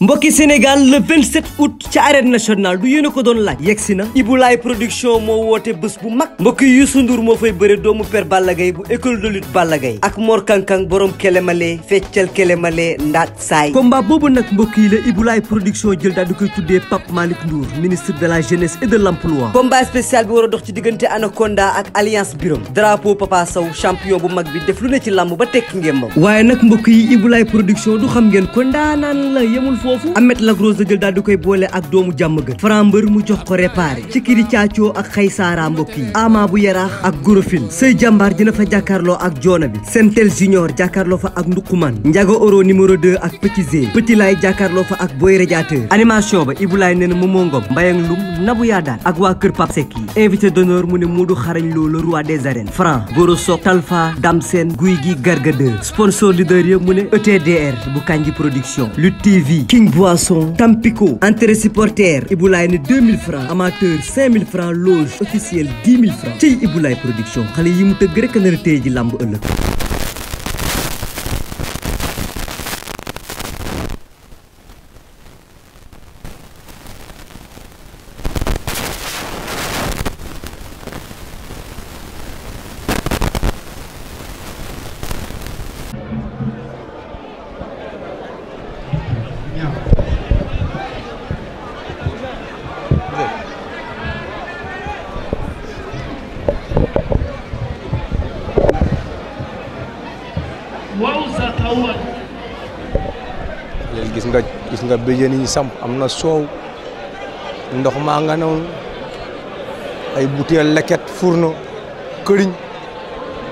mbokki Sénégal le 27 août ca arène nationale du yéen a ko doon laaj yegsi na Ibulaay production moo woote bés bu mag mbokki Youssou Ndour moo fay bëre doomu père Balla Gaye bu école de lutte Balla Gaye ak Mor Kankang borom kelemale feccal kelemale ndaat saay combat boobu nag mbokk yi la Ibulaay production jël daal di koy tuddee Pape Malick Ndour ministre de la jeunesse et de l'emploi combat spécial bi war a dox ci diggante Anaconda ak alliance Birom drapeau Papa Sow champion bu mag bi def lu ne ci làmb ba tekki ngémbam waaye nag mbokk yi Ibulaay production du foofu Amet Lac Rose la koy boole ak doomu jàmm gën Franc mbër mu jox ko réparé ci kiri caacoo ak xay saara mbokk yi ama bu yaraax ak gorofin sëy jàmbaar dina fa jàkkaarloo ak joona bi seen sentel junior jàkkarloo fa ak ndukuman njaga oro numéro 2 ak petit zé petit laay jàkkaarloo fa ak boy radiateur animation ba ibulaay nee na momo ngom mbayang lum nabu yaa daan ak waa kër pap sek yi invité d'honneur mu ne moodu xarañ loo le roi des arènes franc goro sok talfa dam seen guy gi gargadeur sponsor leader yëpp mu ne etdr King Boisson Tampico entrée supporter Iboulaye ne 2000 francs amateur 5000 francs loge officielle 10 000 francs ci Iboulaye production xale yi mu tëgg rek a nar làmb ëllëg gis nga béjjën yi ñu samp am na soow ndox maa nga noonu ay butéel leket fourneau këriñ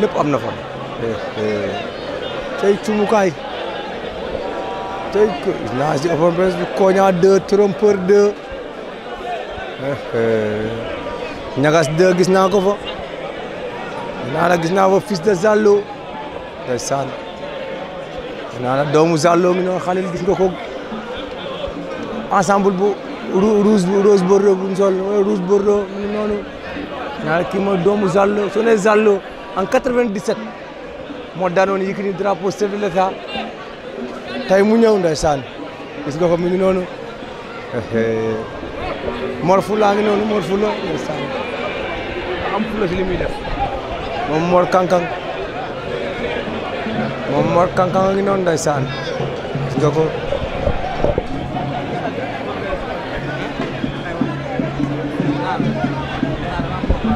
lépp am na fa eh, eh. tey cumukaay tey naag di open presse bi eh, ñagas 2 gis naa ko fa naa la gis naa fa fils de Zallo ndeysaan naa la doomu Zallo mi noonu xalil gis nga ko ensemble bu rouge rose bordeaux bu mu sol rouge bordeaux mu ngi noonu ñaar kii doomu Zallo su ne Zallo en 97 moo daanoon Yékini drapeau chef de l'État tey mu ñëw ndeysaan gis nga ko mu ngi noonu Mor Fula ngi noonu Mor Fula ndeysaan li ngi noonu ndeysaan gis nga ko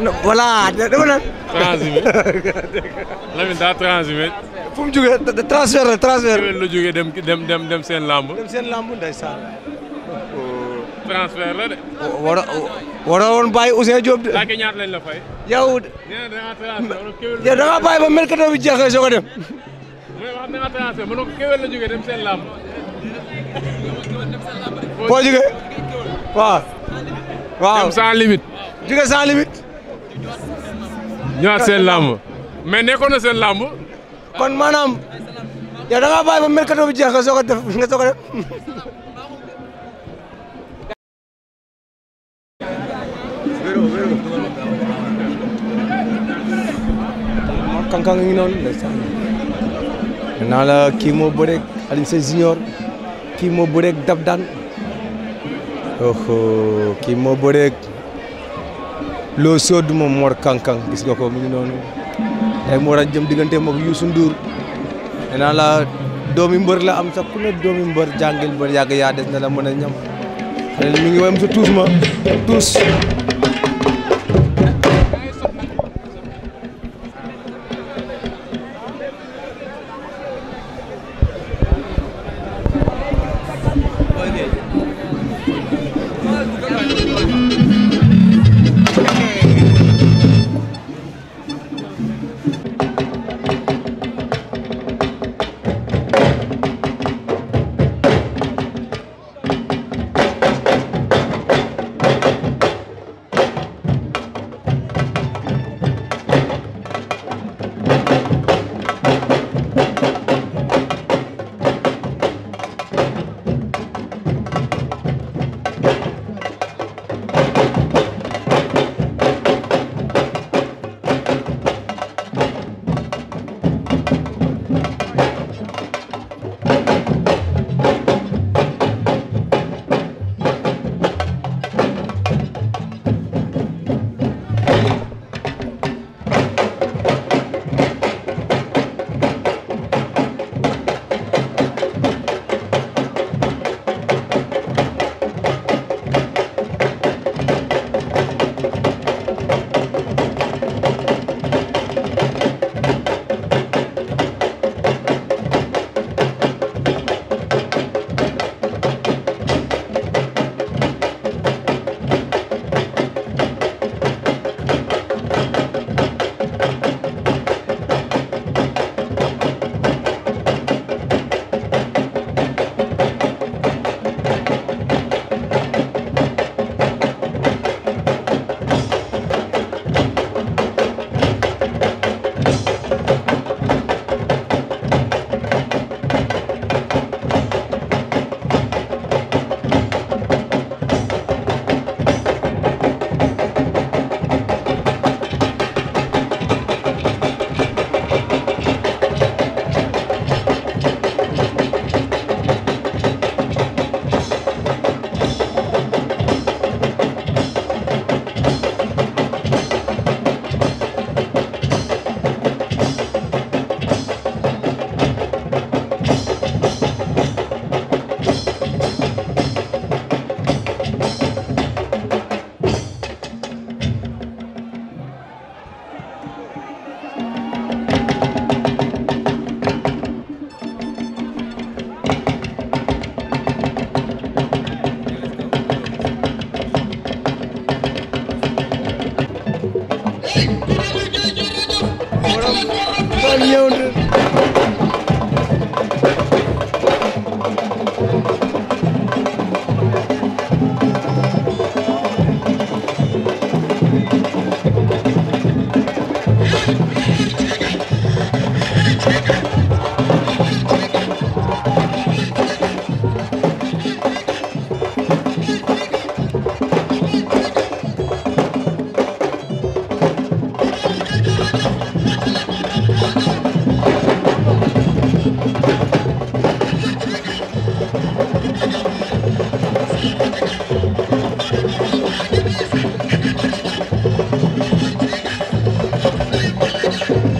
voilà dama naan. transhumé Lamine daa transhumé. fu mu jugee transfert la transfert. dem jugee dem dem dem seen lamb. dem seen lamb ndeysaan. transfert la de. war a war a woon bàyyi Ousseynou Diop de. laajte ñaata lañ la ba mercato bi jeexee soo dem. mooy waaw. waaw dem sans limite. jugee sans ñëwaat seen làmb mais nekkoon na seen làmb. kon maanaam yow da ngaa bàyyi ba mercato bi jeex nga soog a def nga soog a def. kankan ngi noonu ndeysaan naa la kii moo bëreeg Junior kii moo bëreeg Dab Daan oh kii moo loo sóod moom Mor Kankan gis nga ko mi ngi noonu tey mu war a jëm diggante moom Youssou Ndour nee naa la doomi mbër la am sax ku ne doomi mbër jàngil mbër yàgg yaa des na la mën a ñam xale mi ngi woyam sa tuus ma tuus ñëw na a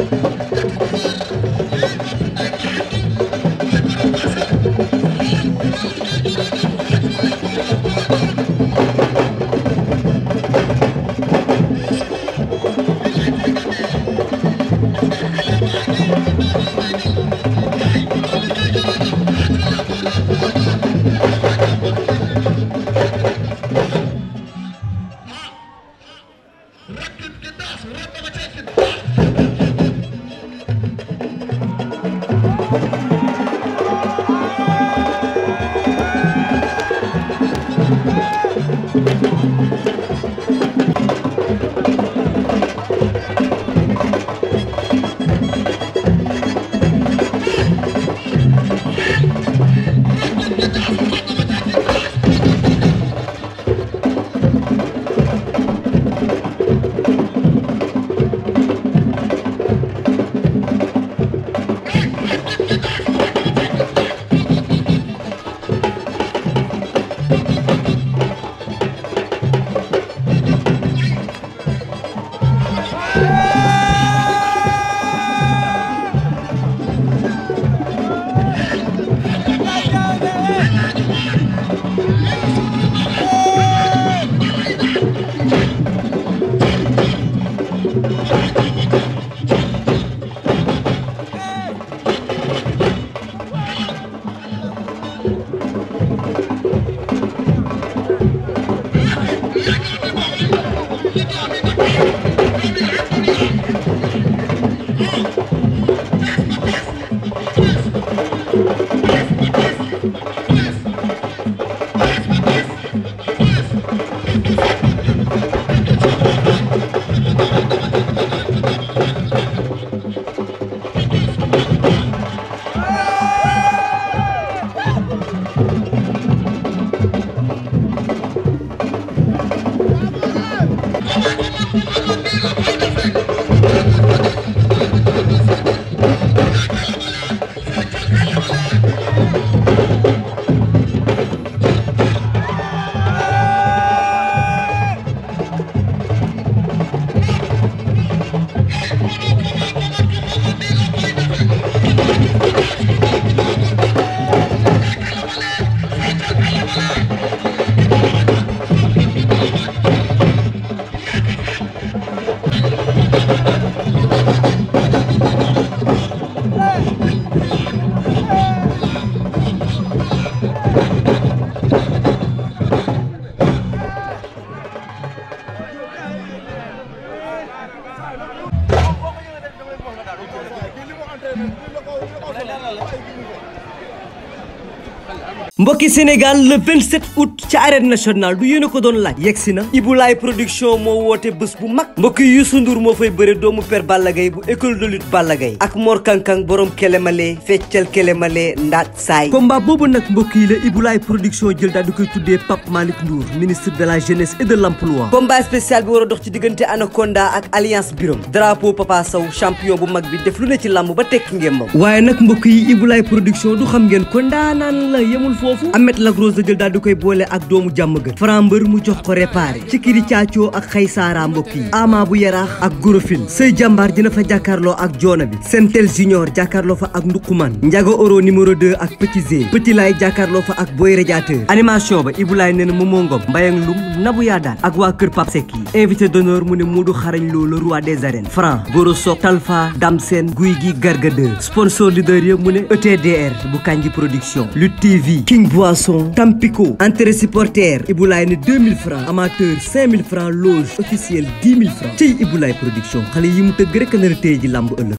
Thank you. mbokki Sénégal le 27 août ci arène nationale du yéen a ko doon laaj yegsi na Ibulaay production moo woote bés bu mag mbokki Youssou Ndour moo fay bëre doomu père Balla Gaye bu école de lutte Balla Gaye ak Mor Kankang borom kelemale feccal kelemale ndaat saay combat boobu nag mbokk yi la Ibulaay production jël daal di koy tuddee Pape Malick Ndour ministre de la jeunesse et de l'emploi combat spécial bi war dox ci diggante Anaconda ak Alliance Birom drapeau Papa Sow champion bu mag bi def lu ci làmb ba tekki ngémbam waaye nag mbokk yi Ibulaay production du foofu Amet Lac Rose la koy boole ak doomu jàmm gën Franc mbër mu jox ko réparé ci kiri caacoo ak xay saara mbokk yi ama bu yaraax ak gorofin sëy jàmbaar dina fa jàkkaarloo ak joona bi seen sentel junior jàkkaarloo fa ak ndukuman njaga oro numéro 2 ak petit zé petit laay jàkkaarloo fa ak boy radiateur animation ba ibulaay nee na momo ngom mbayang lum nabu yaa daan ak waa kër pap sek yi invité d'honneur mu ne mu moodu xarañ loo le roi des arènes franc goro sok talfa dam seen guy gi gargadeur sponsor leader yëpp mu ne e production King Boisson Tampico entrée supporter Ibulaay ne 2000 francs amateur 5000 francs loge officielle 10 000 Ibulaay production xale yi mu tëgg rek na